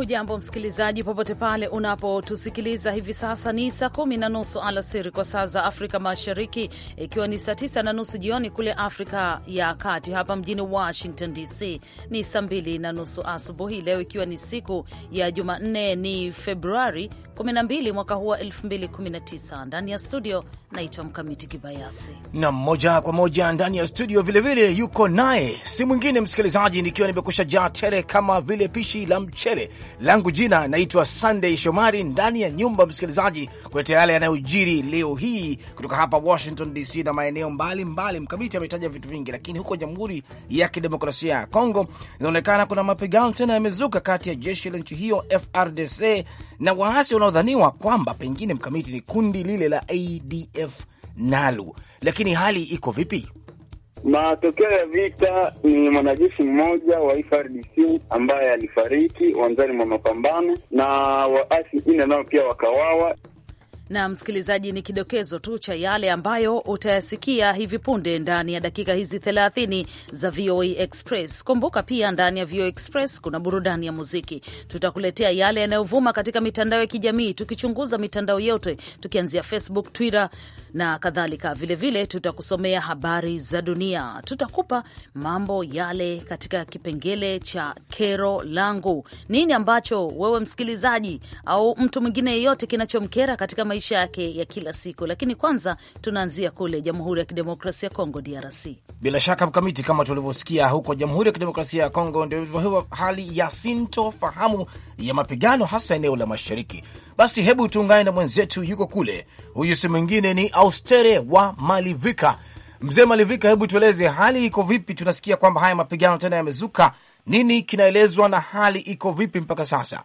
Hujambo msikilizaji, popote pale unapotusikiliza hivi sasa. Ni saa kumi na nusu alasiri kwa saa za Afrika Mashariki, ikiwa ni saa tisa na nusu jioni kule Afrika ya Kati. Hapa mjini Washington DC ni saa mbili na nusu asubuhi, leo ikiwa ni siku ya Jumanne, ni Februari 12 mwaka huu wa 2019. Ndani ya studio naitwa Mkamiti Kibayasi na moja kwa moja ndani ya studio vilevile vile, yuko naye si mwingine msikilizaji, nikiwa nimekusha jaa tere kama vile pishi la mchele langu. Jina naitwa Sunday Shomari, ndani ya nyumba msikilizaji, kuletea yale yanayojiri leo hii kutoka hapa Washington DC na maeneo mbalimbali. Mkamiti ametaja vitu vingi, lakini huko Jamhuri ya Kidemokrasia ya Kongo inaonekana kuna mapigano tena yamezuka kati ya jeshi la nchi hiyo FRDC na waasi wana wanaodhaniwa kwamba pengine mkamiti ni kundi lile la ADF NALU. Lakini hali iko vipi? Matokeo ya vita ni mwanajeshi mmoja wa frdc ambaye alifariki uwanjani mwa mapambano na waasi nne nao pia wakawawa na msikilizaji, ni kidokezo tu cha yale ambayo utayasikia hivi punde ndani ya dakika hizi 30 za VOA e Express. Kumbuka pia ndani ya VOA e Express kuna burudani ya muziki. Tutakuletea yale yanayovuma katika mitandao ya kijamii, tukichunguza mitandao yote, tukianzia Facebook, Twitter na kadhalika. Vilevile tutakusomea habari za dunia, tutakupa mambo yale katika kipengele cha kero langu. Nini ambacho wewe msikilizaji au mtu mwingine yeyote kinachomkera katika maisha maisha yake ya kila siku. Lakini kwanza tunaanzia kule Jamhuri ya Kidemokrasia ya Kongo, DRC. Bila shaka Mkamiti, kama tulivyosikia huko Jamhuri ya Kidemokrasia ya Kongo, ndio hivyo hivyo, hali ya sintofahamu ya mapigano hasa eneo la mashariki. Basi hebu tuungane na mwenzetu yuko kule, huyu si mwingine ni Austere wa Malivika. Mzee Malivika, hebu tueleze hali iko vipi? Tunasikia kwamba haya mapigano tena yamezuka, nini kinaelezwa na hali iko vipi mpaka sasa?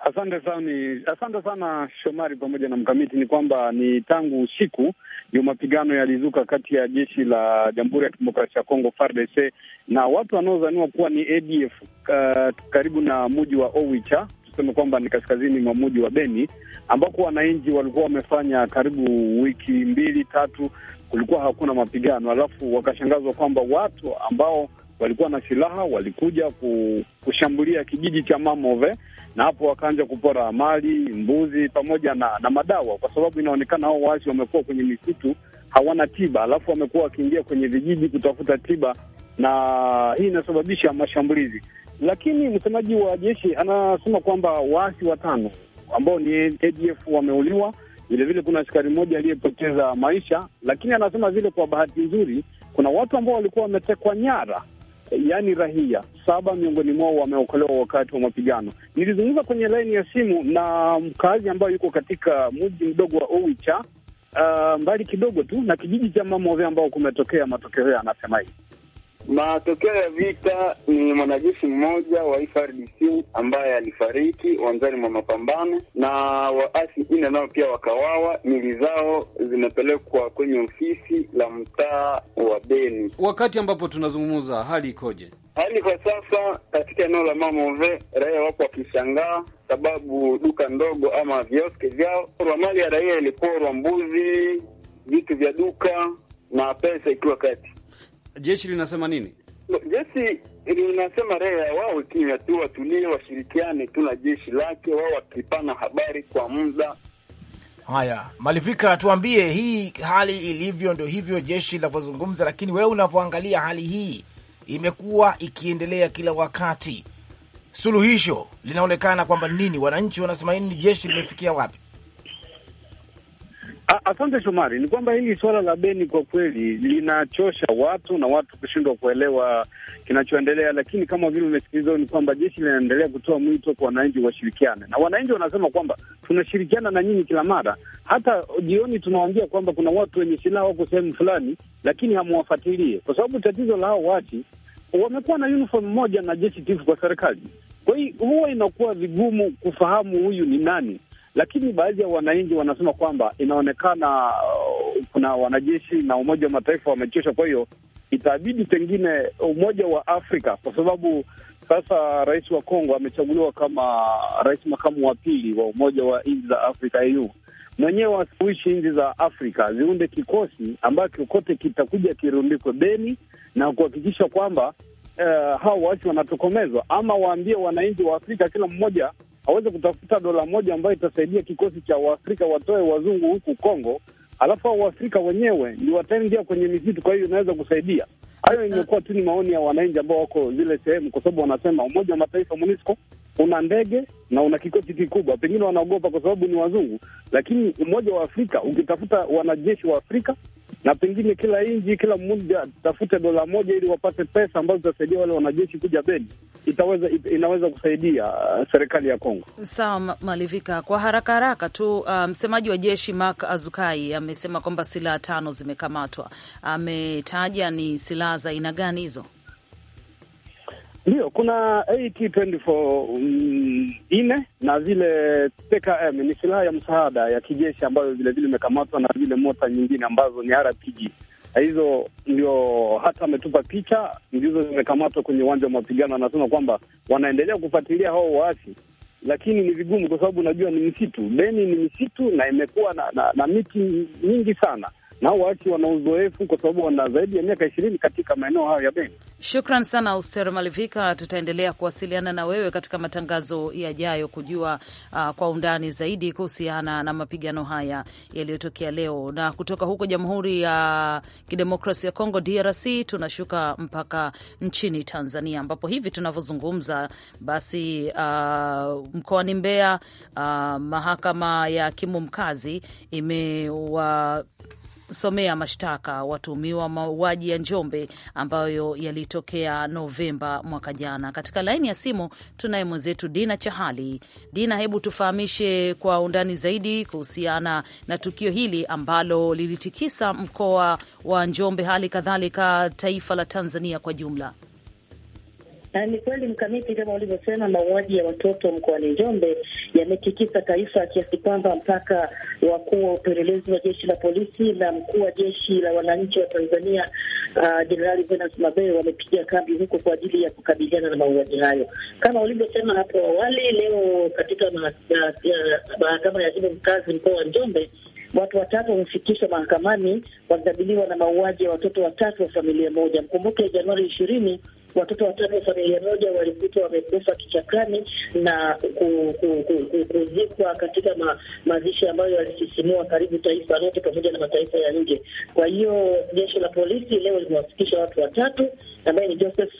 Asante sana, asante sana Shomari pamoja na mkamiti. Ni kwamba ni tangu usiku ndio mapigano yalizuka kati ya jeshi la Jamhuri ya Kidemokrasia ya Kongo FARDC na watu wanaodhaniwa kuwa ni ADF uh, karibu na muji wa Owicha, tuseme kwamba ni kaskazini mwa muji wa Beni, ambako wananchi walikuwa wamefanya karibu wiki mbili tatu kulikuwa hakuna mapigano, alafu wakashangazwa kwamba watu ambao walikuwa na silaha walikuja kushambulia kijiji cha Mamove na hapo wakaanza kupora mali, mbuzi pamoja na, na madawa, kwa sababu inaonekana hao waasi wamekuwa kwenye misitu hawana tiba, alafu wamekuwa wakiingia kwenye vijiji kutafuta tiba, na hii inasababisha mashambulizi. Lakini msemaji wa jeshi anasema kwamba waasi watano ambao ni ADF wameuliwa Vilevile kuna askari mmoja aliyepoteza maisha, lakini anasema vile kwa bahati nzuri kuna watu ambao walikuwa wametekwa nyara, yaani rahia saba miongoni mwao wameokolewa wakati wa mapigano. Nilizungumza kwenye laini ya simu na mkaazi ambayo yuko katika mji mdogo wa Owicha, uh, mbali kidogo tu na kijiji cha Mamove ambao kumetokea matokeo hayo, anasema hii Matokeo ya vita ni mwanajeshi mmoja wa frdc ambaye alifariki uwanjani mwa mapambano na waasi ine nao pia wakawawa. Mili zao zimepelekwa kwenye ofisi la mtaa wa Beni. Wakati ambapo tunazungumza, hali ikoje? Hali kwa sasa katika eneo la Mamove, raia wapo wakishangaa sababu duka ndogo ama vioske vyao, mali ya raia iliporwa, mbuzi, vitu vya duka na pesa ikiwa kati Jeshi linasema nini? No, jeshi linasema raia wao kimya tu, watulie, washirikiane tu na jeshi lake, wao wakipana habari kwa muda. Haya, Malivika, tuambie hii hali ilivyo, ndo hivyo jeshi linavyozungumza, lakini wewe unavyoangalia hali hii imekuwa ikiendelea kila wakati, suluhisho linaonekana kwamba nini? Wananchi wanasema nini? Jeshi limefikia wapi? Asante Shomari, ni kwamba hili suala la beni kwa kweli linachosha watu na watu kushindwa kuelewa kinachoendelea, lakini kama vile umesikiliza, ni kwamba jeshi linaendelea kutoa mwito kwa wananchi washirikiane, na wananchi wanasema kwamba tunashirikiana na nyinyi kila mara, hata jioni tunawaambia kwamba kuna watu wenye silaha wako sehemu fulani, lakini hamuwafuatilie, kwa sababu tatizo la hao wati wamekuwa na uniform moja na jeshi tifu kwa serikali. Kwa hiyo huwa inakuwa vigumu kufahamu huyu ni nani lakini baadhi ya wananchi wanasema kwamba inaonekana uh, kuna wanajeshi na Umoja wa Mataifa wamechosha kwa hiyo itabidi pengine Umoja wa Afrika kwa sababu sasa rais wa Kongo amechaguliwa kama rais makamu wa pili wa Umoja wa Nchi za Afrika au mwenyewe wasuluhishi nchi za Afrika ziunde kikosi ambacho kote kitakuja kirundikwe Beni na kuhakikisha kwamba uh, hao waasi wanatokomezwa, ama waambie wananchi wa Afrika kila mmoja aweze kutafuta dola moja ambayo itasaidia kikosi cha Waafrika watoe wazungu huku Kongo, alafu hao Waafrika wenyewe ni wataingia kwenye misitu, kwa hiyo inaweza kusaidia hayo. Imekuwa tu ni maoni ya wananchi ambao wako zile sehemu, kwa sababu wanasema Umoja wa Mataifa MONUSCO una ndege na una kikosi kikubwa, pengine wanaogopa kwa sababu ni wazungu, lakini Umoja wa Afrika ukitafuta wanajeshi wa Afrika na pengine kila nji kila mmoja tafute dola moja ili wapate pesa ambazo zitasaidia wale wanajeshi kuja Beni, itaweza it, inaweza kusaidia uh, serikali ya Kongo. Sawa Malivika, kwa haraka haraka tu uh, msemaji um, wa jeshi Mark Azukai amesema kwamba silaha tano zimekamatwa. Ametaja ni silaha za aina gani hizo? Ndio, kuna at 24 mm, nne na zile TKM ni silaha ya msaada ya kijeshi ambayo vilevile imekamatwa na zile mota nyingine ambazo ni RPG. Hizo ndio hata ametupa picha, ndizo zimekamatwa kwenye uwanja wa mapigano. Anasema kwamba wanaendelea kufuatilia hao waasi, lakini ni vigumu kwa sababu unajua ni msitu. Beni ni msitu na imekuwa na, na, na miti nyingi sana na watu wana uzoefu, kwa sababu wana zaidi ya miaka ishirini katika maeneo hayo ya benki. Shukran sana Auster Malivika, tutaendelea kuwasiliana na wewe katika matangazo yajayo kujua uh, kwa undani zaidi kuhusiana na mapigano haya yaliyotokea leo. Na kutoka huko Jamhuri ya Kidemokrasia ya Kongo DRC tunashuka mpaka nchini Tanzania, ambapo hivi tunavyozungumza basi uh, mkoani Mbeya uh, mahakama ya hakimu mkazi imewa uh, somea mashtaka watuhumiwa mauaji ya Njombe ambayo yalitokea Novemba mwaka jana. Katika laini ya simu tunaye mwenzetu Dina Chahali. Dina, hebu tufahamishe kwa undani zaidi kuhusiana na tukio hili ambalo lilitikisa mkoa wa Njombe, hali kadhalika taifa la Tanzania kwa jumla. Na ni kweli mkamiti, kama ulivyosema, mauaji ya watoto mkoani Njombe yametikisa taifa kiasi kwamba mpaka wakuu wa upelelezi wa jeshi la polisi na mkuu wa jeshi la wananchi wa Tanzania uh, Jenerali uh, Venance Mabeyo wamepiga kambi huko kwa ajili ya kukabiliana na mauaji hayo. Kama ulivyosema hapo awali, leo katika mahakama ya jimbo mkazi mkoa wa Njombe watu watatu wamefikishwa mahakamani wakikabiliwa na mauaji ya watoto watatu wa familia moja. Mkumbuke Januari ishirini watoto watano wa familia moja walikutwa wamekufa kichakani na kuzikwa katika ma, mazishi ambayo yalisisimua karibu taifa lote pamoja na mataifa ya nje. Kwa hiyo jeshi la polisi leo limewafikisha watu watatu ambaye ni Joseph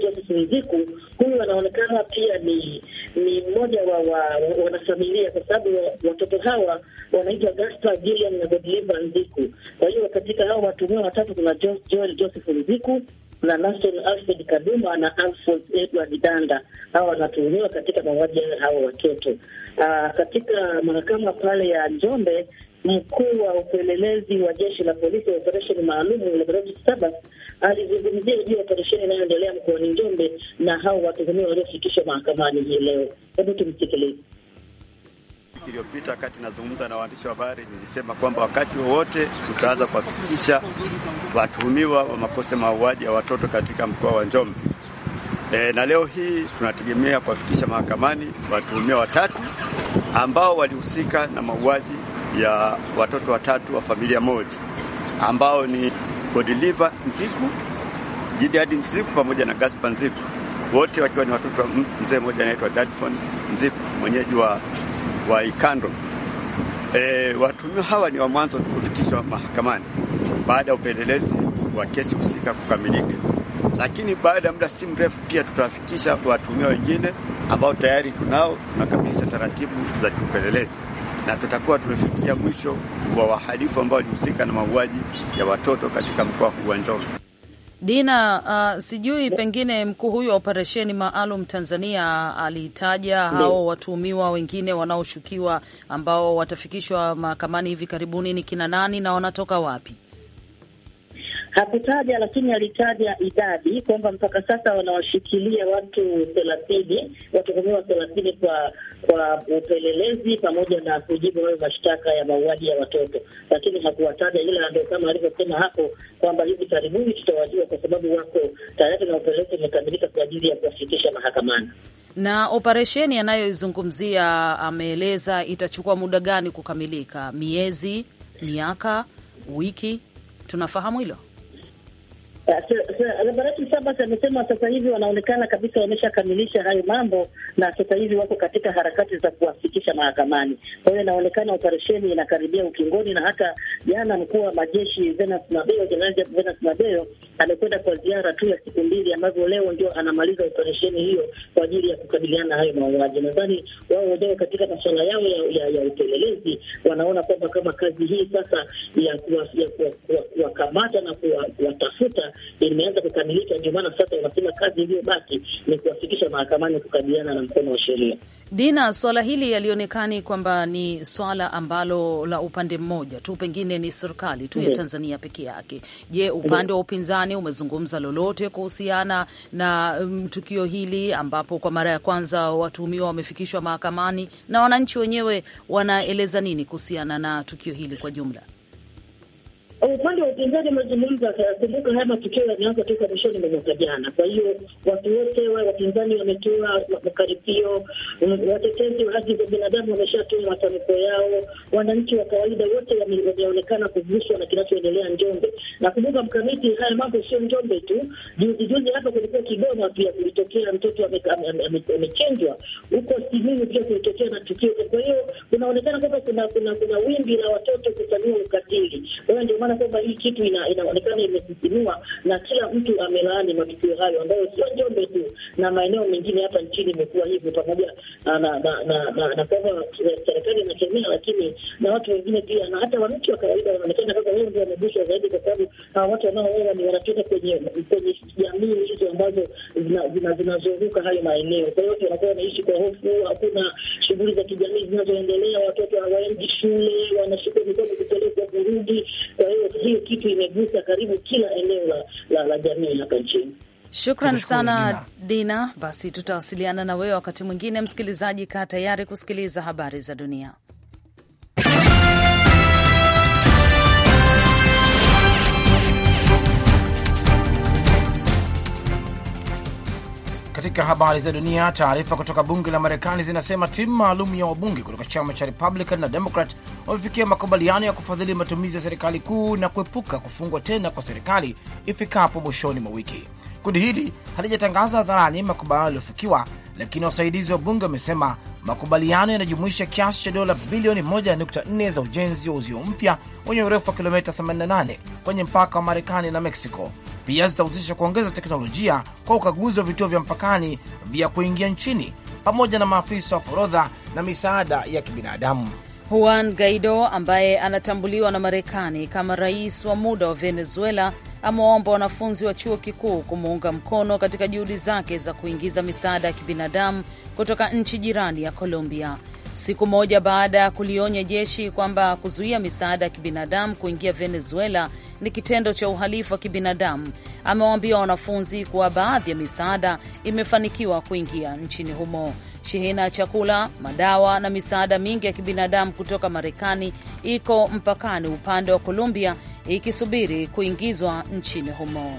Joseph Mziku. Huyu anaonekana pia ni ni mmoja wa, wa, wa wanafamilia kwa sababu watoto hawa wanaitwa Gaspar Gillian na Godliver Nziku. Kwa hiyo katika hao watuhumiwa watatu kuna Joel Joseph Mziku na Naston Alfred Kaduma na Alfred Edward Danda, hawa wanatuhumiwa katika mauaji hayo watoto. Ah, katika mahakama pale ya Njombe, mkuu wa upelelezi wa jeshi la polisi wa operesheni maalum Sabas alizungumzia juu ya operesheni inayoendelea mkoani Njombe na hao watuhumiwa waliofikishwa mahakamani hii leo. Hebu tumsikilize wiki iliyopita, wakati nazungumza na waandishi wa habari, nilisema kwamba wakati wowote tutaanza kuwafikisha watuhumiwa wa makosa mauaji ya watoto katika mkoa wa Njombe. E, na leo hii tunategemea kuwafikisha mahakamani watuhumiwa watatu ambao walihusika na mauaji ya watoto watatu wa familia moja ambao ni Godiliva Nziku, Jidadi Nziku pamoja na Gaspar Nziku, wote wakiwa ni watoto wa mzee mmoja anaitwa Dadfon Nziku mwenyeji wa wa Ikando. E, watuhumiwa hawa ni wa mwanzo kufikishwa mahakamani baada ya upelelezi wa kesi husika kukamilika, lakini baada ya muda si mrefu pia tutawafikisha watuhumiwa wengine ambao tayari tunao, tunakamilisha taratibu za kiupelelezi na tutakuwa tumefikia mwisho wa wahalifu ambao walihusika na mauaji ya watoto katika mkoa huu wa Njombe. Dina, uh, sijui pengine mkuu huyu wa operesheni maalum Tanzania alitaja hao watuhumiwa wengine wanaoshukiwa ambao watafikishwa mahakamani hivi karibuni ni kina nani na wanatoka wapi? Hakutaja, lakini alitaja idadi kwamba mpaka sasa wanawashikilia watu thelathini, watuhumiwa thelathini kwa kwa upelelezi pamoja na kujibu hayo mashtaka ya mauaji ya watoto, lakini hakuwataja, ila ndio kama alivyosema hapo kwamba hivi karibuni tutawajua, kwa sababu wako tayari na upelelezi umekamilika kwa ajili ya kuwafikisha mahakamani. Na operesheni anayoizungumzia ameeleza itachukua muda gani kukamilika? Miezi, miaka, wiki? Tunafahamu hilo. Zabarati saba amesema sasa hivi wanaonekana kabisa wameshakamilisha hayo mambo, na sasa hivi wako katika harakati za kuwafikisha mahakamani. Kwa hiyo inaonekana operesheni inakaribia ukingoni, na hata jana mkuu wa majeshi Venance Mabeyo, Jenerali Venance Mabeyo amekwenda kwa ziara tu ya siku mbili, ambavyo leo ndio anamaliza operesheni hiyo kwa ajili ya kukabiliana na hayo mauaji. Nadhani wao wenyewe katika masuala yao ya, ya, ya upelelezi wanaona kwamba kama kazi hii sasa ya kuwakamata na kuwatafuta imeanza kukamilika, ndio maana sasa wanasema kazi iliyobaki ni kuwafikisha mahakamani kukabiliana na mkono wa sheria. Dina, swala hili yalionekani kwamba ni swala ambalo la upande mmoja tu, pengine ni serikali tu ya Tanzania peke yake. Je, upande wa upinzani Marekani umezungumza lolote kuhusiana na um, tukio hili ambapo kwa mara ya kwanza watuhumiwa wamefikishwa mahakamani na wananchi wenyewe wanaeleza nini kuhusiana na tukio hili kwa jumla? Eh, upande wa upinzani amezungumza, kumbuka haya matukio yameanza toka mwishoni mwa mwaka jana. Kwa hiyo watu wote wa wapinzani wametoa makaripio, watetezi wa haki za binadamu wameshatoa matamko yao, wananchi wa kawaida wote wameonekana kuguswa na kinachoendelea Njombe. Na kumbuka mkamiti, haya mambo sio Njombe tu, juzi juzi hapa kulikuwa Kigoma pia kulitokea mtoto amechinjwa, huko Simiyu pia kulitokea na tukio. Kwa hiyo kunaonekana kwamba kuna kuna wimbi la watoto kufanyiwa ukatili, kwa hiyo ndio maana kwamba hii kitu inaonekana ina, imesisimua na kila mtu amelaani matukio hayo ambayo sio Njombe tu na maeneo mengine hapa nchini imekuwa hivyo, pamoja ah, na kwamba serikali inakemea, lakini na watu wengine pia na hata wananchi wa kawaida wanaonekana kwamba wao ndio wameguswa zaidi, kwa sababu hawa ah, watu wanaoona ni wanatoka kwenye kwenye jamii hizo ambazo zinazozunguka hayo maeneo. Kwa hiyo watu wanakuwa wanaishi kwa hofu, hakuna shughuli za kijamii zinazoendelea, watoto hawaendi shule, wanashikwa mikono kupelekwa kurudi hiyo hiyo kitu imegusa karibu kila eneo la, la, la jamii hapa nchini. Shukran sana Dina. Dina, basi tutawasiliana na wewe wakati mwingine. Msikilizaji, kaa tayari kusikiliza habari za dunia. Katika habari za dunia, taarifa kutoka bunge la Marekani zinasema timu maalum ya wabunge kutoka chama cha Republican na Democrat wamefikia makubaliano ya kufadhili matumizi ya serikali kuu na kuepuka kufungwa tena kwa serikali ifikapo mwishoni mwa wiki. Kundi hili halijatangaza hadharani makubaliano yaliyofikiwa, lakini wasaidizi wa bunge wamesema makubaliano yanajumuisha kiasi cha dola bilioni 1.4 za ujenzi wa uzio mpya wenye urefu wa kilomita 88 kwenye mpaka wa Marekani na Mexico pia zitahusisha kuongeza teknolojia kwa ukaguzi wa vituo vya mpakani vya kuingia nchini pamoja na maafisa wa forodha na misaada ya kibinadamu. Juan Guaido ambaye anatambuliwa na Marekani kama rais wa muda wa Venezuela amewaomba wanafunzi wa chuo kikuu kumuunga mkono katika juhudi zake za kuingiza misaada ya kibinadamu kutoka nchi jirani ya Colombia siku moja baada ya kulionya jeshi kwamba kuzuia misaada ya kibinadamu kuingia Venezuela ni kitendo cha uhalifu wa kibinadamu. Amewaambia wanafunzi kuwa baadhi ya misaada imefanikiwa kuingia nchini humo. Shehena ya chakula, madawa na misaada mingi ya kibinadamu kutoka Marekani iko mpakani upande wa kolumbia ikisubiri kuingizwa nchini humo.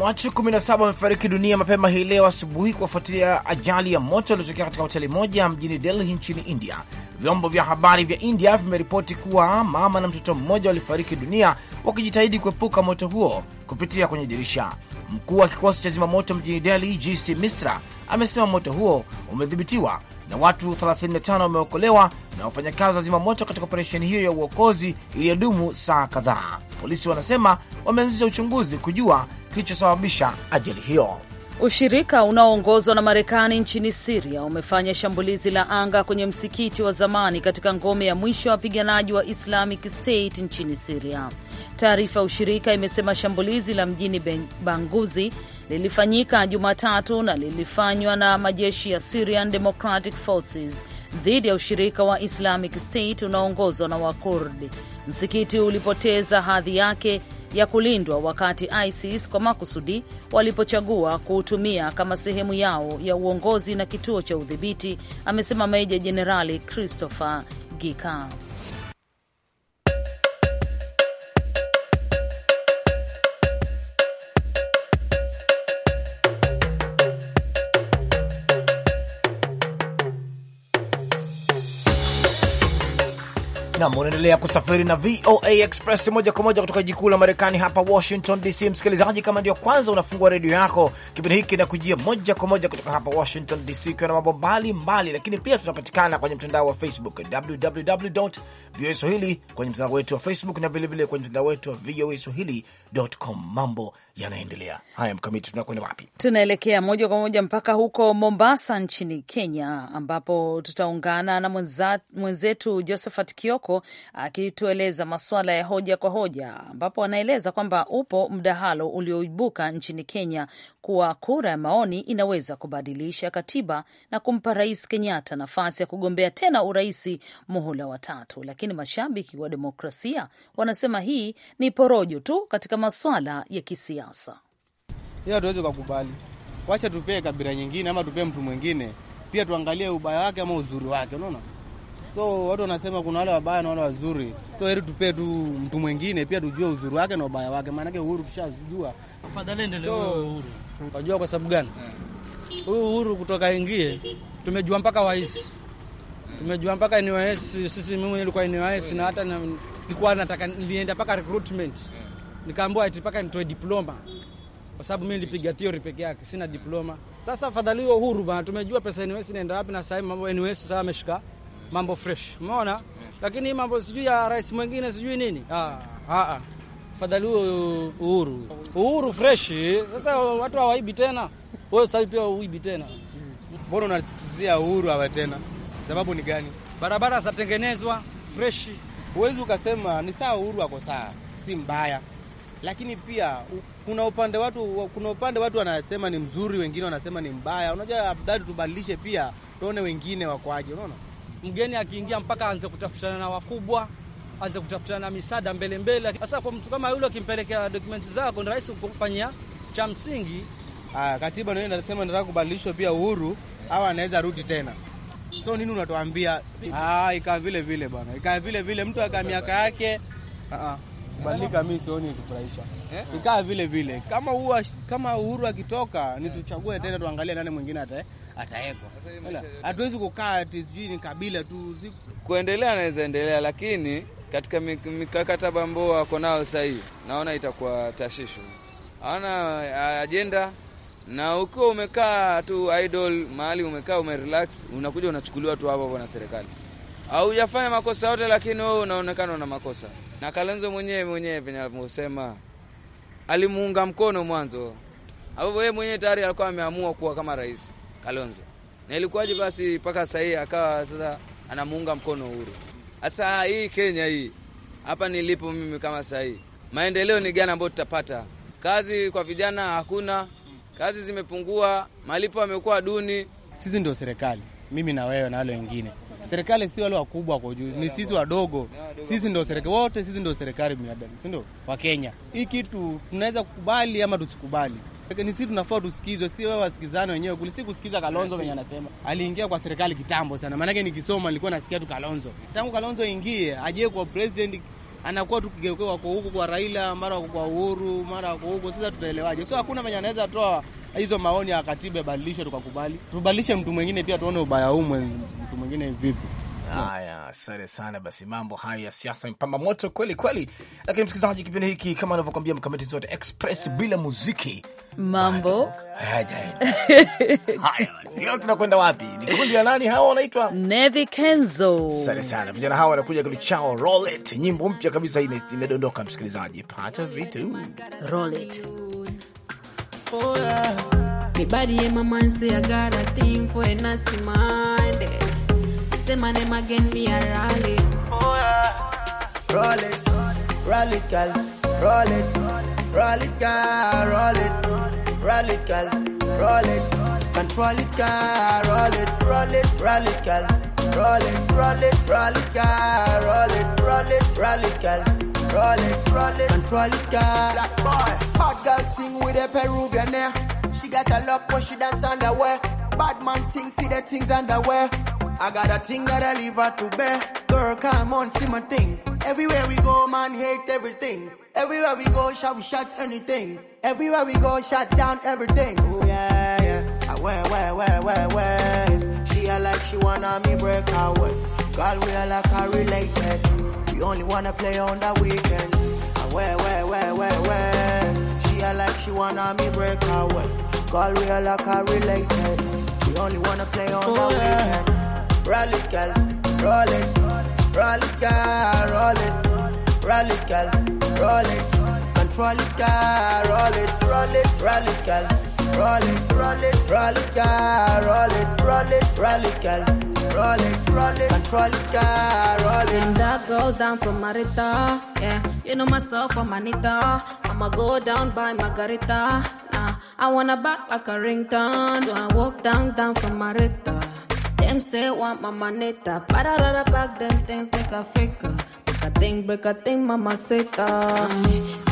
Watu 17 wamefariki dunia mapema hii leo asubuhi kuwafuatia ajali ya moto iliyotokea katika hoteli moja mjini Delhi nchini India. Vyombo vya habari vya India vimeripoti kuwa mama na mtoto mmoja walifariki dunia wakijitahidi kuepuka moto huo kupitia kwenye dirisha. Mkuu wa kikosi cha zimamoto mjini Delhi, GC Misra, amesema moto huo umedhibitiwa na watu 35 wameokolewa na wafanyakazi wa zimamoto katika operesheni hiyo ya uokozi iliyodumu saa kadhaa. Polisi wanasema wameanzisha uchunguzi kujua kilichosababisha ajali hiyo. Ushirika unaoongozwa na Marekani nchini Siria umefanya shambulizi la anga kwenye msikiti wa zamani katika ngome ya mwisho ya wapiganaji wa Islamic State nchini Siria. Taarifa ya ushirika imesema shambulizi la mjini Banguzi lilifanyika Jumatatu na lilifanywa na majeshi ya Syrian Democratic Forces dhidi ya ushirika wa Islamic State unaoongozwa na Wakurdi. Msikiti ulipoteza hadhi yake ya kulindwa wakati ISIS kwa makusudi walipochagua kuutumia kama sehemu yao ya uongozi na kituo cha udhibiti, amesema Meja Jenerali Christopher Gika. nam unaendelea kusafiri na VOA Express moja kwa moja kutoka jikuu la Marekani hapa Washington DC. Msikilizaji, kama ndio kwanza unafungua redio yako, kipindi hiki kinakujia moja kwa moja kutoka hapa Washington DC, ikiwa na mambo mbalimbali, lakini pia tunapatikana kwenye mtandao wa Facebook www VOA Swahili kwenye mtandao wetu wa Facebook na vilevile kwenye mtandao wetu wa VOA Swahili.com. Mambo yanaendelea haya. Mkamiti, tunakwenda wapi? Tunaelekea moja kwa moja mpaka huko Mombasa nchini Kenya, ambapo tutaungana na mwenzetu Josephat Kioko hapo akitueleza masuala ya hoja kwa hoja, ambapo anaeleza kwamba upo mdahalo ulioibuka nchini Kenya kuwa kura ya maoni inaweza kubadilisha katiba na kumpa Rais Kenyatta nafasi ya kugombea tena uraisi muhula wa tatu, lakini mashabiki wa demokrasia wanasema hii ni porojo tu katika masuala ya kisiasa. Hiyo hatuwezi kukubali. Wacha tupee kabila nyingine ama tupee mtu mwingine, pia tuangalie ubaya wake ama uzuri wake, unaona. So watu wanasema kuna wale wabaya na wale wazuri, so heri tupee tu mtu mwingine pia tujue uzuri wake na ubaya wake, maanake uhuru tushajua. Tafadhali endelee uhuru. Unajua kwa sababu gani huu uhuru kutoka ingie? Tumejua mpaka waisi, tumejua mpaka NYS. Sisi mimi nilikuwa NYS na hata nilikuwa nataka nilienda mpaka recruitment, nikaambiwa eti mpaka nitoe diploma kwa sababu mimi nilipiga theory peke yake, sina diploma. Sasa afadhali huo uhuru bana, tumejua pesa NYS inaenda wapi, na sasa mambo NYS sasa ameshika mambo fresh, umeona. Lakini mambo sijui ya rais mwingine sijui nini, ah, ah, ah. Fadhali huyo Uhuru, Uhuru fresh. Sasa watu hawaibi tena, wewe sasa pia uibi tena. Mbona unatizia Uhuru awe tena? Sababu ni gani? Barabara zatengenezwa fresh, huwezi ukasema ni sawa. Uhuru ako sawa, si mbaya, lakini pia kuna upande watu, kuna upande watu wanasema ni mzuri, wengine wanasema ni mbaya. Unajua, afadhali tubadilishe pia, tuone wengine wakoaje, unaona mgeni akiingia mpaka aanze kutafutana na wakubwa, aanze kutafutana na misaada mbele mbele. Sasa kwa mtu kama yule akimpelekea dokumenti zako ni rahisi kufanyia cha msingi. Ah, katiba ndio inasema nataka kubadilishwa pia uhuru au anaweza rudi tena. So nini unatuambia? Ah, ikaa vile vile bwana. Ikaa vile vile mtu aka miaka yake. Ah, ah, badilika mimi sioni kufurahisha. Eh? Ikaa vile vile. Kama huwa kama uhuru akitoka, nituchague tena tuangalie nani mwingine ata eh? atawekwa. Hatuwezi kukaa ati sijui ni kabila tu kuendelea, anaweza endelea, lakini katika mikakataba ambao wako nao sahii, naona itakuwa tashishu, hawana ajenda ah, na ukiwa umekaa tu idol mahali umekaa umerelax, unakuja unachukuliwa tu hapo na serikali. Haujafanya makosa yote, lakini wewe unaonekana una makosa. Na Kalonzo mwenyewe mwenyewe venye alivyosema, alimuunga mkono mwanzo, ao yeye mwenyewe tayari alikuwa ameamua kuwa kama rais. Kalonzo. Na ilikuwaje basi mpaka sasa hii akawa sasa anamuunga mkono Uhuru? Sasa hii Kenya hii hapa nilipo mimi kama sasa hii, maendeleo ni gani ambayo tutapata? Kazi kwa vijana hakuna, kazi zimepungua, malipo yamekuwa duni. Sisi ndio serikali, mimi na wewe na wale wengine. Serikali si wale wakubwa kwa juu, ni sisi wadogo. Sisi ndio serikali wote, sisi ndio serikali binadamu, si ndio? Wa Kenya hii kitu tunaweza kukubali ama tusikubali. Ni sisi tunafaa tusikizwe, si wewe wasikizane wenyewe kule, si kusikiza Kalonzo venye anasema. Aliingia kwa serikali kitambo sana, maanake nikisoma nilikuwa nasikia tu Kalonzo. Tangu Kalonzo ingie ajie kwa president anakuwa tukigeuka wako huku kwa Raila, mara wako kwa Uhuru, mara wako huku. Sasa tutaelewaje? So hakuna venye anaweza toa hizo maoni ya katiba ibadilishwe, tukakubali tubadilishe mtu mwingine pia, tuone ubaya huu mtu mwingine vipi. Haya, asante sana. Basi mambo hayo ya siasa mpamba moto kweli kweli, lakini msikilizaji, kipindi hiki kama anavyokwambia mkamiti zote express bila muziki mambo haya. Leo tunakwenda wapi? Ni kundi la nani hawa? Wanaitwa Nevi Kenzo. Sana sana vijana hawa wanakuja kitu chao Rolet, nyimbo mpya kabisa imedondoka. Msikilizaji, pata vitu Roll it, roll it, Roll it, roll it, Roll it. roll it, girl, roll it. Control it, girl, roll it, roll it, roll it, girl, roll it, roll it, roll it, girl, roll it, roll it, roll it, girl roll it, roll it, control it, girl. Black boy, hot girl sing with a Peruvian air. She got a lock when she dance underwear. Bad man thing, see the things underwear. I got a thing that I leave her to bear. Girl, come on, see my thing. Everywhere we go, man, hate everything. Everywhere we go, shall we shut anything? Everywhere we go, shut down everything. Oh yeah, yeah. I wear, wear, wear, wear, wear. She a like she wanna me break our words. Girl, we are like a related. We only wanna play on the weekends. I wear, wear, wear, wear, wear. She a like she wanna me break our words. Girl, we are like a related. We only wanna play on oh, the yeah. weekends. Roll it, girl. Roll it. Roll it, girl. Roll it. Roll it, girl roll it. control it, girl, roll it, roll it, roll it, girl. Roll it, roll it, roll it, girl, roll it, roll it, roll it, girl. Roll it, roll it, and it, girl, roll it. And that goes down from Marita, yeah. You know myself, I'm Anita. I'ma go down by Margarita. Nah, I wanna back like a ringtone, so I walk down, down from Marita. Them say want my manita, but I rather back them things make a faker break Breakating, breakating, mamacita.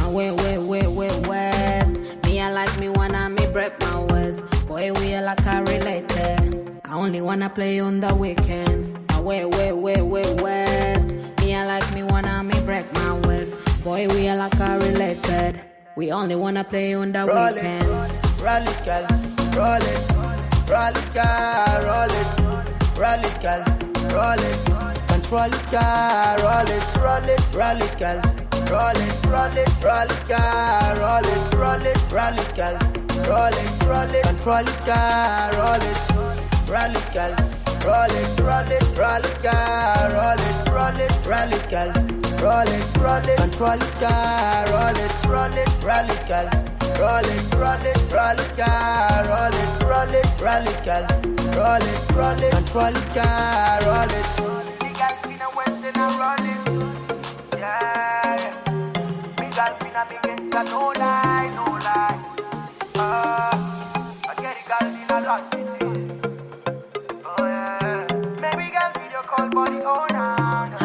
I wet, wet, wet, wet, west. Me, I like me when I me break my west. Boy, we are like a related. I only wanna play on the weekends. I wet, wet, wet, wet, west. Me, I like me when I me break my west. Boy, we are like a related. We only wanna play on the roll weekends. Roll girl. Roll it. Roll it, girl. Roll it. Roll it, girl. Roll it. Roll it, girl. Roll it. Roll it, roll it, roll it, roll rollical, roll it, roll it, roll rollica, roll it, roll it, roll rollical, roll it, roll it, controlica, roll it, girl. roll it, roll it, roll it, girl. roll it, roll it, roll it, girl. roll it, roll it, it, girl. roll it, roll it, roll it, girl. roll it, roll it, roll it, girl. roll it, roll it, roll it, girl. roll it, roll it, it, controlica, roll it running. Yeah. Big and big against the no lie. No.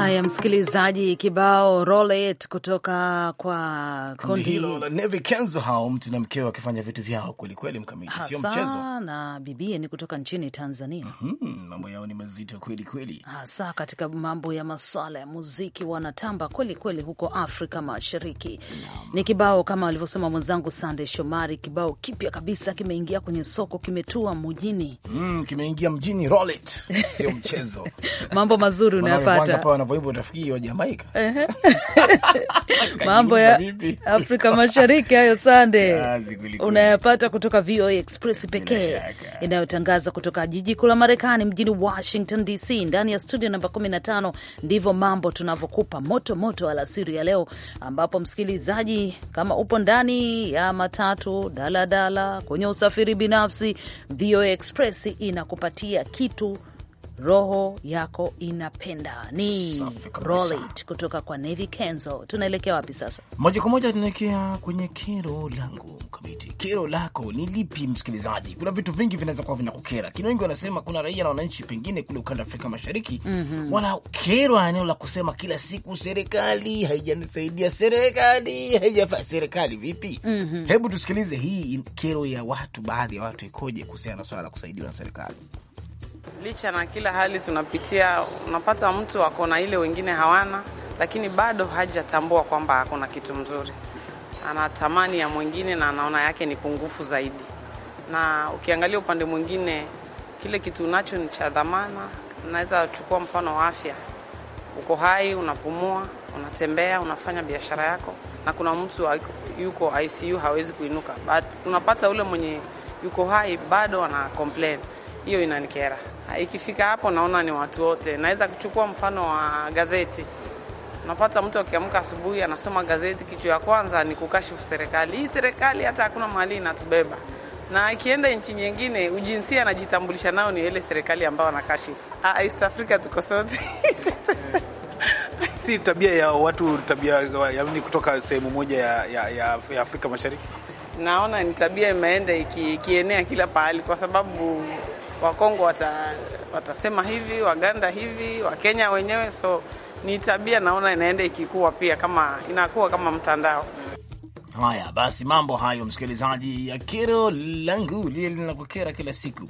Haya, msikilizaji, kibao rolet kutoka kwa kundi hilo la Nevi Kenzo, hao mtu na mkeo wakifanya vitu vyao kwelikweli, mkamiti sio mchezo, na bibie ni kutoka nchini Tanzania. mm -hmm, mambo yao ni mazito kwelikweli, hasa katika mambo ya maswala ya muziki, wanatamba kwelikweli huko Afrika Mashariki. Ni kibao kama alivyosema mwenzangu Sande Shomari, kibao kipya kabisa, kimeingia kwenye soko, kimetua mjini. Mm, kimeingia mjini, rolet sio mchezo mambo mazuri unayapata kuwepo utafikiri wa Jamaika. Mambo ya Afrika Mashariki hayo, Sande, unayapata kutoka VOA Express pekee inayotangaza kutoka jiji kuu la Marekani, mjini Washington DC, ndani ya studio namba 15. Ndivyo mambo tunavyokupa moto moto alasiri ya leo, ambapo msikilizaji, kama upo ndani ya matatu, daladala, kwenye usafiri binafsi, VOA Express inakupatia kitu roho yako inapenda ni rolit kutoka kwa Nevi Kenzo. Tunaelekea wapi sasa? Moja kwa moja tunaelekea kwenye kero langu mkamiti. Kero lako ni lipi, msikilizaji? Kuna vitu vingi vinaweza kuwa vinakukera, lakini wengi wanasema kuna raia na wananchi pengine kule ukanda Afrika Mashariki mm -hmm. wanakerwa eneo la kusema kila siku, serikali haijanisaidia, serikali haijafaa. Serikali vipi? mm -hmm. Hebu tusikilize hii kero ya watu, baadhi ya watu ikoje kuhusiana na swala la kusaidiwa na serikali licha na kila hali tunapitia, unapata mtu ako na ile, wengine hawana, lakini bado hajatambua kwamba ako na kitu mzuri, anatamani ya mwingine na anaona yake ni pungufu zaidi. Na ukiangalia upande mwingine, kile kitu unacho ni cha dhamana. Naweza chukua mfano wa afya, uko hai, unapumua, unatembea, unafanya biashara yako, na kuna mtu yuko ICU hawezi kuinuka, but unapata ule mwenye yuko hai bado ana complain hiyo inanikera. Ikifika hapo, naona ni watu wote. Naweza kuchukua mfano wa gazeti. Unapata mtu akiamka asubuhi anasoma gazeti, kitu ya kwanza ni kukashifu serikali. Hii serikali hata hakuna mahali inatubeba, na ikienda nchi nyingine ujinsia anajitambulisha nao ni ile serikali ambayo anakashifu. East Africa tuko sote si tabia ya watu, tabia ni kutoka sehemu moja ya, ya, ya Afrika Mashariki. Naona ni tabia imeenda iki, ikienea kila pahali, kwa sababu Wakongo wata, watasema hivi, Waganda hivi, Wakenya wenyewe, so ni tabia naona inaenda ikikua pia, kama inakuwa kama mtandao. Haya basi, mambo hayo msikilizaji, ya kero langu lile linakukera kila siku.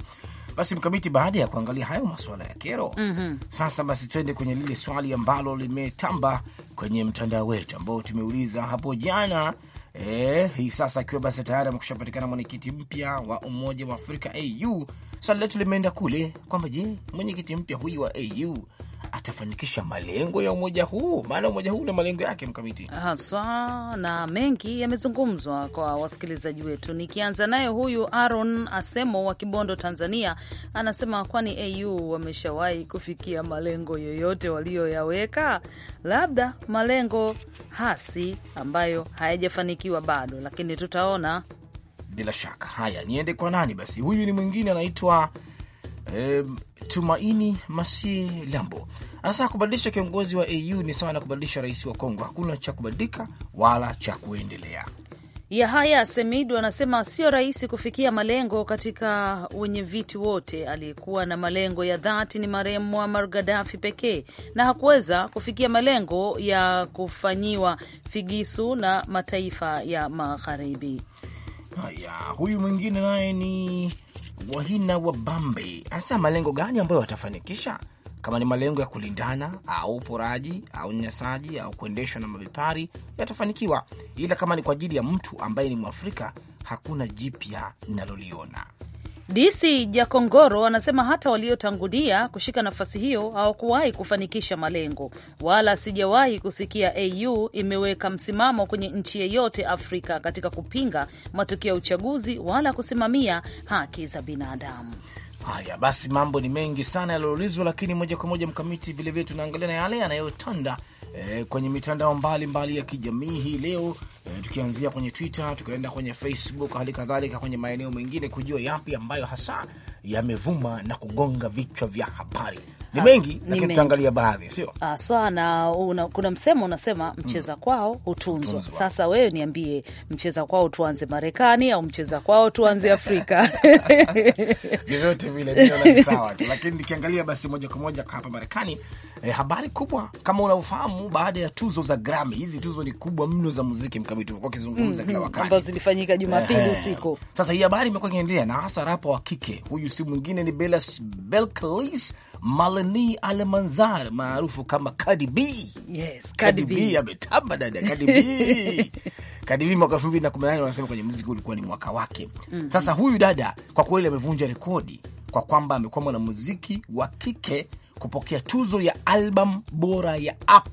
Basi mkamiti, baada ya kuangalia hayo masuala ya kero mm -hmm. Sasa basi twende kwenye lile swali ambalo limetamba kwenye mtandao wetu ambao tumeuliza hapo jana eh, hii sasa, ikiwa basi tayari amekushapatikana mwenyekiti mpya wa Umoja wa Afrika au Swali letu limeenda kule kwamba je, mwenyekiti mpya huyu wa AU atafanikisha malengo ya umoja huu? Maana umoja huu una malengo yake mkamiti haswa, na mengi yamezungumzwa kwa wasikilizaji wetu. Nikianza naye huyu Aaron Asemo wa Kibondo, Tanzania, anasema kwani AU wameshawahi kufikia malengo yoyote waliyoyaweka? Labda malengo hasi ambayo hayajafanikiwa bado, lakini tutaona bila shaka. Haya, niende kwa nani basi? Huyu ni mwingine anaitwa e, Tumaini Masi Lambo. anasema kubadilisha kiongozi wa AU ni sawa na kubadilisha rais wa Kongo, hakuna cha kubadilika wala cha kuendelea. Yahaya Semidu anasema sio rahisi kufikia malengo katika wenye viti wote. Aliyekuwa na malengo ya dhati ni marehemu Muammar Gaddafi pekee, na hakuweza kufikia malengo ya kufanyiwa figisu na mataifa ya Magharibi. Haya, huyu mwingine naye ni Wahina wa Bambe, anasema malengo gani ambayo watafanikisha kama ni malengo ya kulindana au uporaji au nyanyasaji au kuendeshwa na mabepari yatafanikiwa, ila kama ni kwa ajili ya mtu ambaye ni Mwafrika hakuna jipya ninaloliona. DC Jakongoro anasema hata waliotangulia kushika nafasi hiyo hawakuwahi kufanikisha malengo, wala sijawahi kusikia AU imeweka msimamo kwenye nchi yeyote Afrika katika kupinga matokeo ya uchaguzi wala kusimamia haki za binadamu. Haya basi, mambo ni mengi sana yaliyoulizwa, lakini moja kwa moja mkamiti vilevile tunaangalia na yale yanayotanda e, kwenye mitandao mbalimbali ya kijamii hii leo e, tukianzia kwenye Twitter tukaenda kwenye Facebook, hali kadhalika kwenye maeneo mengine kujua yapi ambayo hasa yamevuma na kugonga vichwa vya habari ni ah, mengi, lakini tutaangalia baadhi, sio ah, sawa. Na kuna msemo unasema mcheza mm. kwao hutunzwa. Sasa wewe niambie, mcheza kwao tuanze Marekani au mcheza kwao tuanze Afrika? Vyovyote vile sawa tu, lakini nikiangalia basi moja kwa moja hapa Marekani, eh, habari kubwa kama unavyofahamu, baada ya tuzo za Grammy, hizi tuzo ni kubwa mno za muziki, mkabiti umekuwa ukizungumza kila mm-hmm, wakati, ambazo zilifanyika Jumapili usiku. Sasa hii habari imekuwa ikiendelea na hasa rapa wa kike huyu si mwingine ni Bella Belcalis Mal Melanie Almanzar maarufu kama Cardi B. Yes, Cardi B ametamba dada, Cardi B. Cardi B mwaka 2018 wanasema kwenye muziki ulikuwa ni mwaka wake. Mm -hmm. Sasa huyu dada kwa kweli amevunja rekodi kwa kwamba amekuwa mwanamuziki wa kike kupokea tuzo ya album bora ya app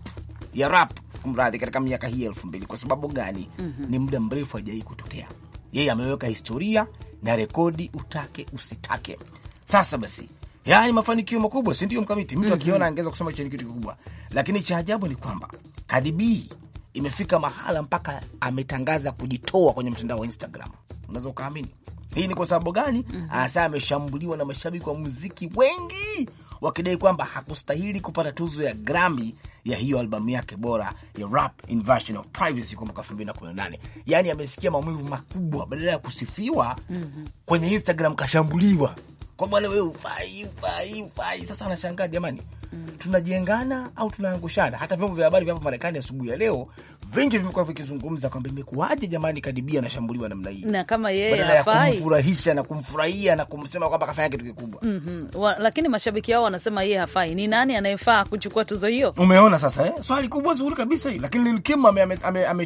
ya rap kumradhi, katika miaka hii elfu mbili. Kwa sababu gani? mm -hmm. Ni muda mrefu hajawahi kutokea. Yeye ameweka historia na rekodi, utake usitake. Sasa basi yaani mafanikio makubwa, si ndio mkamiti? Mtu mhm. akiona mm -hmm. angeweza kusema hicho ni kitu kikubwa, lakini cha ajabu ni kwamba Cardi B imefika mahala mpaka ametangaza kujitoa kwenye mtandao wa Instagram. Unaweza ukaamini? Hii ni kwa sababu gani? mm -hmm. Anasema ameshambuliwa na mashabiki wa muziki wengi wakidai kwamba hakustahili kupata tuzo ya Grammy ya hiyo albamu yake bora ya Rap Invasion of Privacy kwa mwaka 2018. Yaani amesikia maumivu makubwa, badala ya kusifiwa mm -hmm. kwenye Instagram kashambuliwa kwamba wewe ufai ufai ufai. Sasa anashangaa jamani, mm. tunajengana au tunaangushana? Hata vyombo vya habari vya hapa Marekani asubuhi ya, ya leo vingi vimekuwa vikizungumza kwamba imekuwaje jamani, kadibia anashambuliwa namna hii, na kama yeye hafai kumfurahisha na kumfurahia na kumsema kwamba kafanya kitu kikubwa mm -hmm. Lakini mashabiki wao wanasema yeye hafai. Ni nani anayefaa kuchukua tuzo hiyo? Umeona sasa eh? Swali kubwa zuri kabisa hii, lakini Lil Kim ame, ame, ame, ame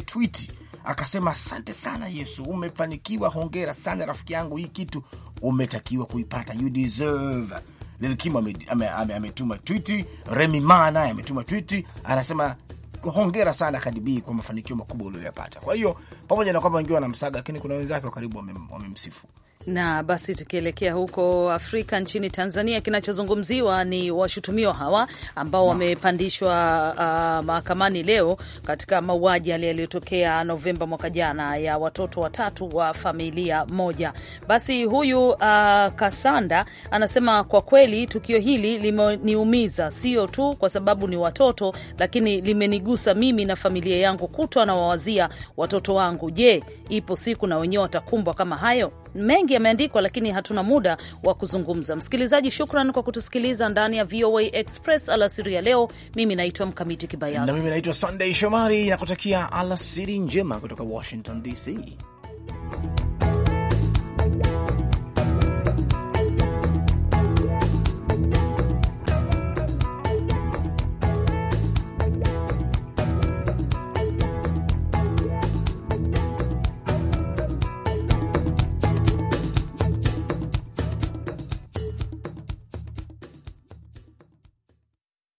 akasema asante sana Yesu, umefanikiwa, hongera sana rafiki yangu, hii kitu umetakiwa kuipata, you deserve. Lil Kim ametuma twiti. remi Ma naye ametuma twiti, anasema hongera sana Cardi B kwa mafanikio makubwa ulioyapata. Kwa hiyo pamoja na kwamba wengi wanamsaga, lakini kuna wenzake wa karibu wamemsifu wame na basi tukielekea huko Afrika nchini Tanzania, kinachozungumziwa ni washutumiwa hawa ambao wamepandishwa uh, mahakamani leo katika mauaji yale yaliyotokea Novemba mwaka jana ya watoto watatu wa familia moja. Basi huyu uh, Kasanda anasema kwa kweli tukio hili limeniumiza, sio tu kwa sababu ni watoto, lakini limenigusa mimi na familia yangu, kutwa na wawazia watoto wangu. Je, ipo siku na wenyewe watakumbwa kama hayo? mengi yameandikwa, lakini hatuna muda wa kuzungumza. Msikilizaji, shukran kwa kutusikiliza ndani ya VOA Express alasiri ya leo. Mimi naitwa Mkamiti Kibayasi na mimi naitwa Sunday Shomari, nakutakia alasiri njema kutoka Washington DC.